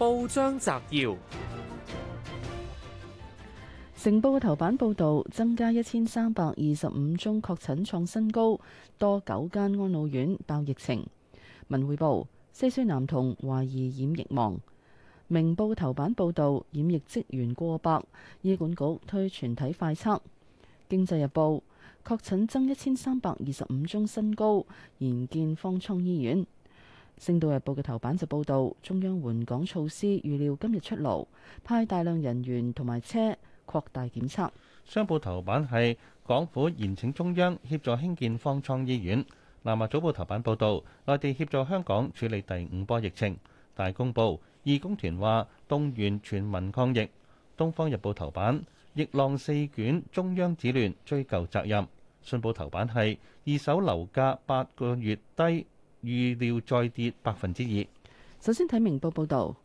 報章摘要：成報嘅頭版報道增加一千三百二十五宗確診創新高，多九間安老院爆疫情。文匯報四歲男童懷疑染疫亡。明報嘅頭版報道染疫職員過百，醫管局推全體快測。經濟日報確診增一千三百二十五宗新高，延建方艙醫院。《星島日報》嘅頭版就報道，中央援港措施預料今日出爐，派大量人員同埋車擴大檢測。《商報》頭版係港府延請中央協助興建方艙醫院，《南華早報》頭版報道，內地協助香港處理第五波疫情，大公報義工團話動員全民抗疫，《東方日報》頭版逆浪四卷，中央止亂追究責任，《信報》頭版係二手樓價八個月低。預料再跌百分之二。首先睇明報報導，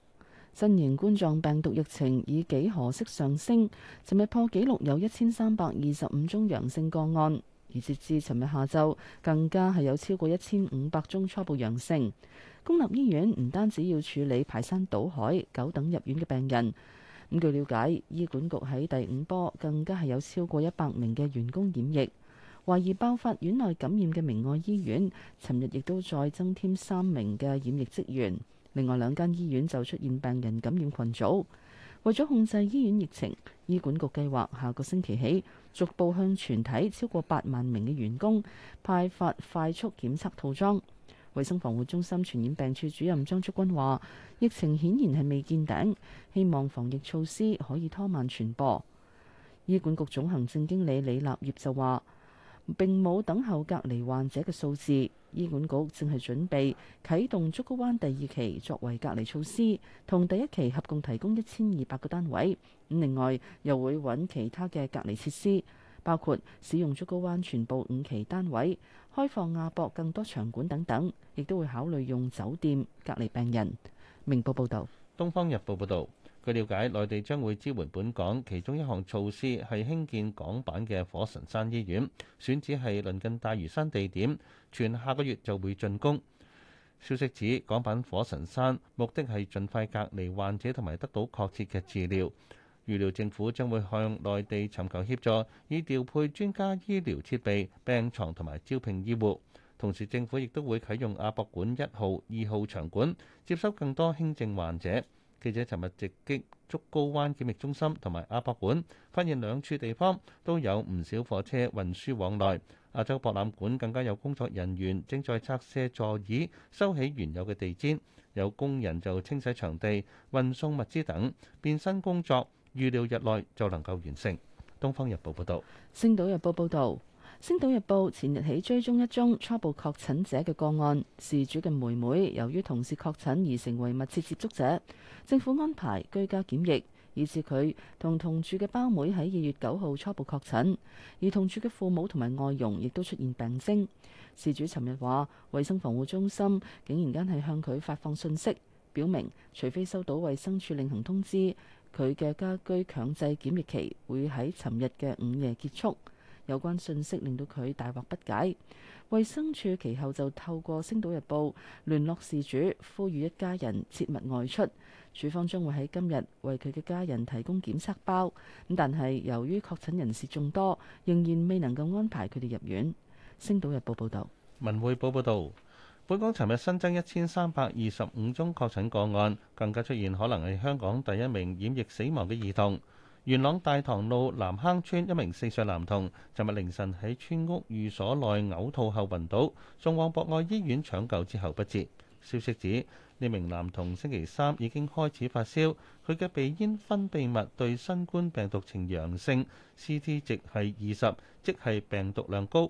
新型冠狀病毒疫情以幾何式上升。尋日破紀錄有一千三百二十五宗陽性個案，而截至尋日下晝，更加係有超過一千五百宗初步陽性。公立醫院唔單止要處理排山倒海、久等入院嘅病人，咁據了解，醫管局喺第五波更加係有超過一百名嘅員工染疫。懷疑爆發院內感染嘅明愛醫院，尋日亦都再增添三名嘅染疫職員。另外兩間醫院就出現病人感染群組。為咗控制醫院疫情，醫管局計劃下個星期起逐步向全體超過八萬名嘅員工派發快速檢測套裝。衛生防護中心傳染病處主任張竹君話：疫情顯然係未見頂，希望防疫措施可以拖慢傳播。醫管局總行政經理李立業就話：並冇等候隔離患者嘅數字，醫管局正係準備啟動竹篙灣第二期作為隔離措施，同第一期合共提供一千二百個單位。另外又會揾其他嘅隔離設施，包括使用竹篙灣全部五期單位、開放亞博更多場館等等，亦都會考慮用酒店隔離病人。明報報道。東方日報報道。據了解，內地將會支援本港，其中一項措施係興建港版嘅火神山醫院，選址係鄰近大嶼山地點，全下個月就會竣工。消息指，港版火神山目的係盡快隔離患者同埋得到確切嘅治療。預料政府將會向內地尋求協助，以調配專家、醫療設備、病床同埋招聘醫護。同時，政府亦都會啟用亞博館一號、二號場館，接收更多輕症患者。記者尋日直擊竹篙灣檢疫中心同埋亞博館，發現兩處地方都有唔少貨車運輸往來。亞洲博覽館更加有工作人員正在拆卸座椅、收起原有嘅地氈，有工人就清洗場地、運送物資等變身工作，預料日內就能夠完成。《東方日報》報道。《星島日報》報導。《星島日報》前日起追蹤一宗初步確診者嘅個案，事主嘅妹妹由於同事確診而成為密切接觸者，政府安排居家檢疫，以致佢同同住嘅胞妹喺二月九號初步確診，而同住嘅父母同埋外佣亦都出現病徵。事主尋日話，衛生防護中心竟然間係向佢發放信息，表明除非收到衛生署另行通知，佢嘅家居強制檢疫期會喺尋日嘅午夜結束。有關信息令到佢大惑不解。衛生署其後就透過《星島日報》聯絡事主，呼籲一家人切勿外出。處方將會喺今日為佢嘅家人提供檢測包。咁但係由於確診人士眾多，仍然未能夠安排佢哋入院。《星島日報》報道。《文匯報》報道，本港尋日新增一千三百二十五宗確診個案，更加出現可能係香港第一名染疫死亡嘅兒童。元朗大棠路南坑村一名四歲男童，尋日凌晨喺村屋寓所內嘔吐後暈倒，送往博愛醫院搶救之後不治。消息指，呢名男童星期三已經開始發燒，佢嘅鼻咽分泌物對新冠病毒呈陽性，CT 值係二十，即係病毒量高。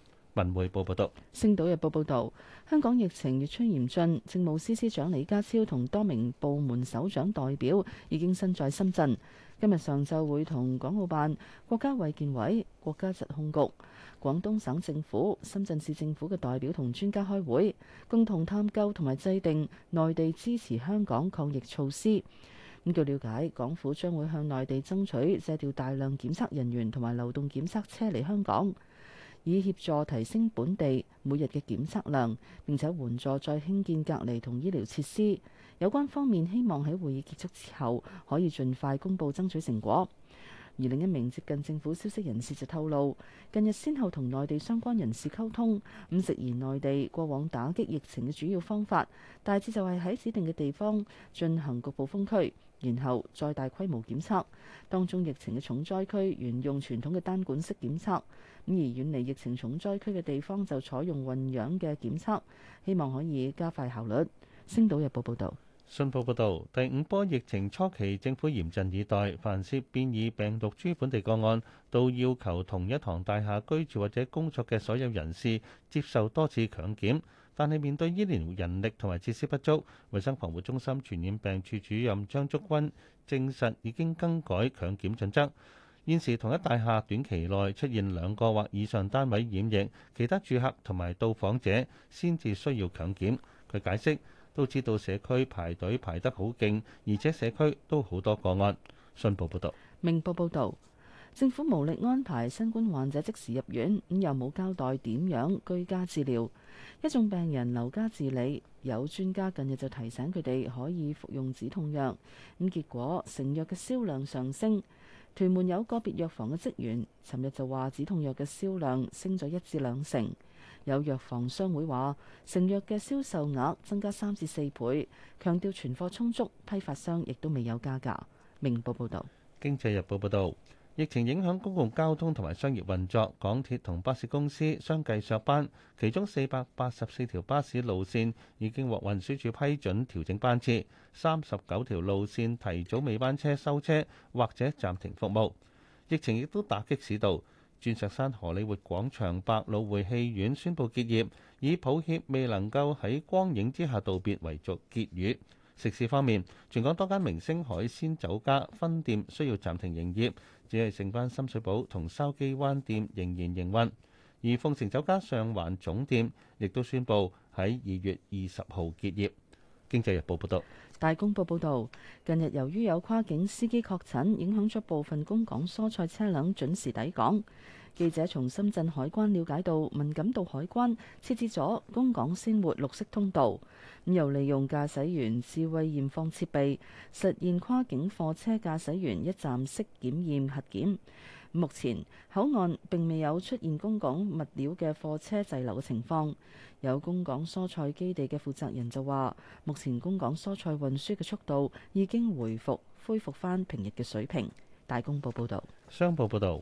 文匯報報道，星島日報報道，香港疫情越趨嚴峻，政務司司長李家超同多名部門首長代表已經身在深圳。今日上晝會同港澳辦、國家衛健委、國家疾控局、廣東省政府、深圳市政府嘅代表同專家開會，共同探究同埋制定內地支持香港抗疫措施。咁據了解，港府將會向內地爭取借調大量檢測人員同埋流動檢測車嚟香港。以協助提升本地每日嘅檢測量，並且援助再興建隔離同醫療設施。有關方面希望喺會議結束之後可以盡快公佈爭取成果。而另一名接近政府消息人士就透露，近日先後同內地相關人士溝通，咁直言內地過往打擊疫情嘅主要方法，大致就係喺指定嘅地方進行局部封區。然後再大規模檢測，當中疫情嘅重災區沿用傳統嘅單管式檢測，咁而遠離疫情重災區嘅地方就採用混養嘅檢測，希望可以加快效率。星島日報報道：「信報報道，第五波疫情初期政府嚴陣以待，凡涉變異病毒株本地個案，都要求同一堂大廈居住或者工作嘅所有人士接受多次強檢。但係面對醫療人力同埋設施不足，衞生防護中心傳染病處主任張竹君證實已經更改強檢準則。現時同一大廈短期內出現兩個或以上單位染疫，其他住客同埋到訪者先至需要強檢。佢解釋都知道社區排隊排得好勁，而且社區都好多個案。信報報道。明報報道。政府無力安排新冠患者即時入院，咁又冇交代點樣居家治療。一眾病人留家治理，有專家近日就提醒佢哋可以服用止痛藥，咁結果成藥嘅銷量上升。屯門有個別藥房嘅職員尋日就話，止痛藥嘅銷量升咗一至兩成。有藥房商會話，成藥嘅銷售額增加三至四倍，強調存貨充足，批發商亦都未有加價。明報報道。《經濟日報》報道。疫情影響公共交通同埋商業運作，港鐵同巴士公司相繼削班，其中四百八十四條巴士路線已經獲運輸署批准調整班次，三十九條路線提早尾班車收車或者暫停服務。疫情亦都打擊市道，鑽石山荷里活廣場百老匯戲院宣布結業，以抱歉未能夠喺光影之下道別為作結語。食肆方面，全港多間明星海鮮酒家分店需要暫停營業，只係剩翻深水埗同筲箕灣店仍然營運。而鳳城酒家上環總店亦都宣布喺二月二十號結業。經濟日報報道，大公報報道，近日由於有跨境司機確診，影響咗部分供港蔬菜車輛準時抵港。記者從深圳海關了解到，文錦渡海關設置咗公港鮮活綠色通道，咁又利用駕駛員智慧驗放設備，實現跨境貨車駕駛員一站式檢驗核檢。目前口岸並未有出現公港物料嘅貨車滯留嘅情況，有公港蔬菜基地嘅負責人就話目前公港蔬菜運輸嘅速度已經回復恢復翻平日嘅水平。大公報報道，商報報道。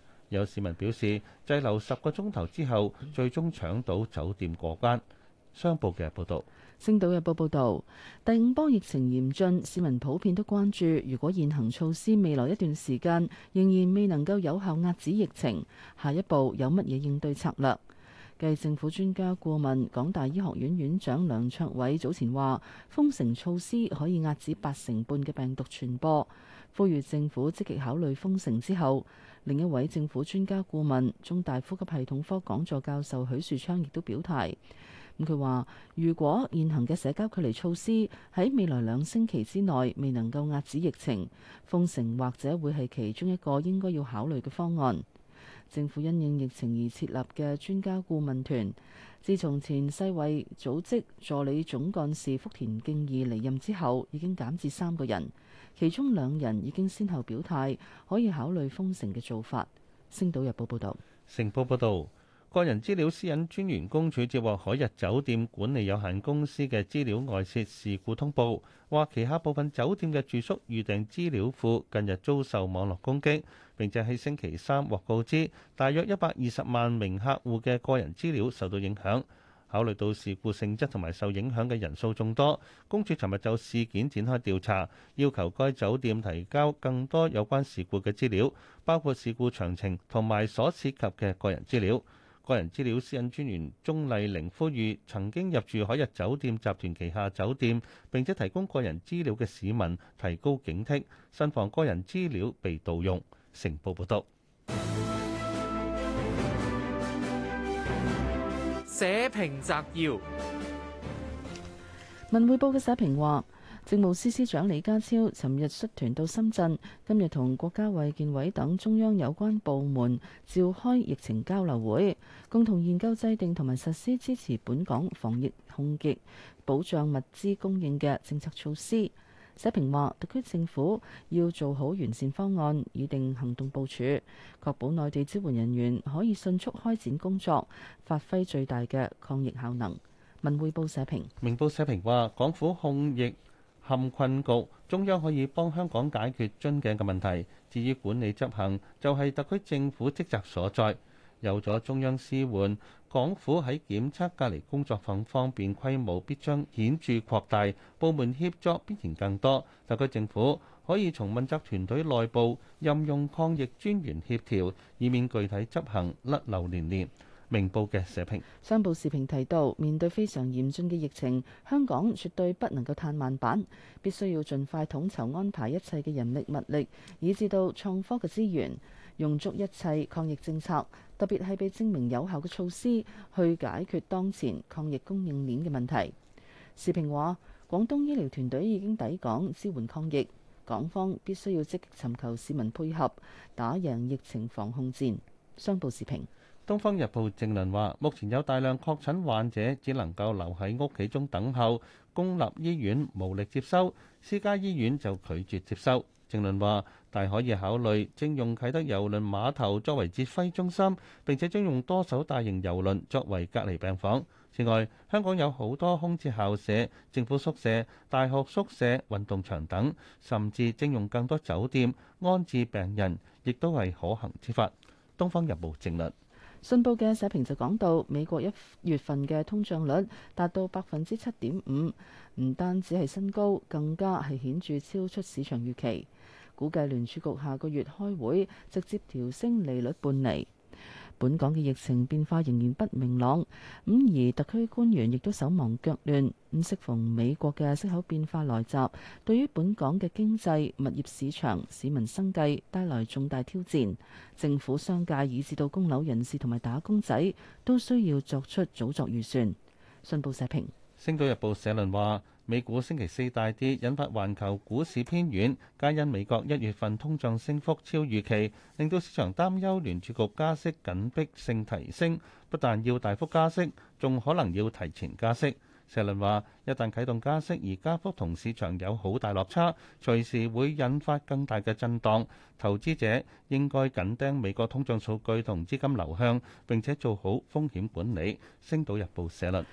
有市民表示，滯留十個鐘頭之後最終搶到酒店過關。商報嘅報道。星島日報報道，第五波疫情嚴峻，市民普遍都關注，如果現行措施未來一段時間仍然未能夠有效遏止疫情，下一步有乜嘢應對策略？據政府專家顧問、港大醫學院院長梁卓偉早前話，封城措施可以遏止八成半嘅病毒傳播。呼籲政府積極考慮封城之後，另一位政府專家顧問、中大呼吸系統科講座教授許樹昌亦都表態。咁佢話：如果現行嘅社交距離措施喺未來兩星期之內未能夠壓止疫情，封城或者會係其中一個應該要考慮嘅方案。政府因應疫情而設立嘅專家顧問團，自從前世衞組織助理總幹事福田敬二離任之後，已經減至三個人。其中兩人已經先後表態，可以考慮封城嘅做法。《星島日報》報道，《成報》報道，個人資料私隱專員公署接獲海逸酒店管理有限公司嘅資料外泄事故通報，話旗下部分酒店嘅住宿預訂資料庫近日遭受網絡攻擊，並且喺星期三獲告知，大約一百二十萬名客戶嘅個人資料受到影響。考慮到事故性質同埋受影響嘅人數眾多，公署尋日就事件展開調查，要求該酒店提交更多有關事故嘅資料，包括事故詳情同埋所涉及嘅個人資料。個人資料私隱專員鍾麗玲呼籲曾經入住海逸酒店集團旗下酒店並且提供個人資料嘅市民提高警惕，慎防個人資料被盜用。成報報道。社評摘要：文匯報嘅社評話，政務司司長李家超尋日率團到深圳，今日同國家衛健委等中央有關部門召開疫情交流會，共同研究制定同埋實施支持本港防疫控疫、保障物資供應嘅政策措施。社評話：特區政府要做好完善方案，擬定行動部署，確保內地支援人員可以迅速開展工作，發揮最大嘅抗疫效能。文匯報社評。明報社評話，港府控疫陷困局，中央可以幫香港解決樽頸嘅問題，至於管理執行就係特區政府職責所在。有咗中央支援，港府喺檢測隔離工作上方便規模必將顯著擴大，部門協作必然更多。特區政府可以從問責團隊內部任用抗疫專員協調，以免具體執行甩漏連連。明報嘅社評，商報時評提到，面對非常嚴峻嘅疫情，香港絕對不能夠嘆慢板，必須要盡快統籌安排一切嘅人力物力，以至到創科嘅資源。用足一切抗疫政策，特別係被證明有效嘅措施，去解決當前抗疫供應鏈嘅問題。時評話：廣東醫療團隊已經抵港支援抗疫，港方必須要積極尋求市民配合，打贏疫情防控戰。商報時評，《東方日報》正論話：目前有大量確診患者只能夠留喺屋企中等候，公立醫院無力接收，私家醫院就拒絕接收。正論話。但可以考慮徵用啟德郵輪碼頭作為指揮中心，並且徵用多艘大型郵輪作為隔離病房。此外，香港有好多空置校舍、政府宿舍、大學宿舍、運動場等，甚至徵用更多酒店安置病人，亦都係可行之法。東方日報正論。信報嘅社評就講到，美國一月份嘅通脹率達到百分之七點五，唔單止係新高，更加係顯著超出市場預期。估計聯儲局下個月開會直接調升利率半釐。本港嘅疫情變化仍然不明朗，咁而特區官員亦都手忙腳亂。咁適逢美國嘅息口變化來襲，對於本港嘅經濟、物業市場、市民生計帶來重大挑戰。政府、商界以至到供樓人士同埋打工仔都需要作出早作預算。信報社評。《星島日報》社論話。美股星期四大跌，引發環球股市偏軟，皆因美國一月份通脹升幅超預期，令到市場擔憂聯儲局加息緊迫性提升，不但要大幅加息，仲可能要提前加息。社論話一旦啟動加息，而加幅同市場有好大落差，隨時會引發更大嘅震盪，投資者應該緊盯美國通脹數據同資金流向，並且做好風險管理。星島日報社論。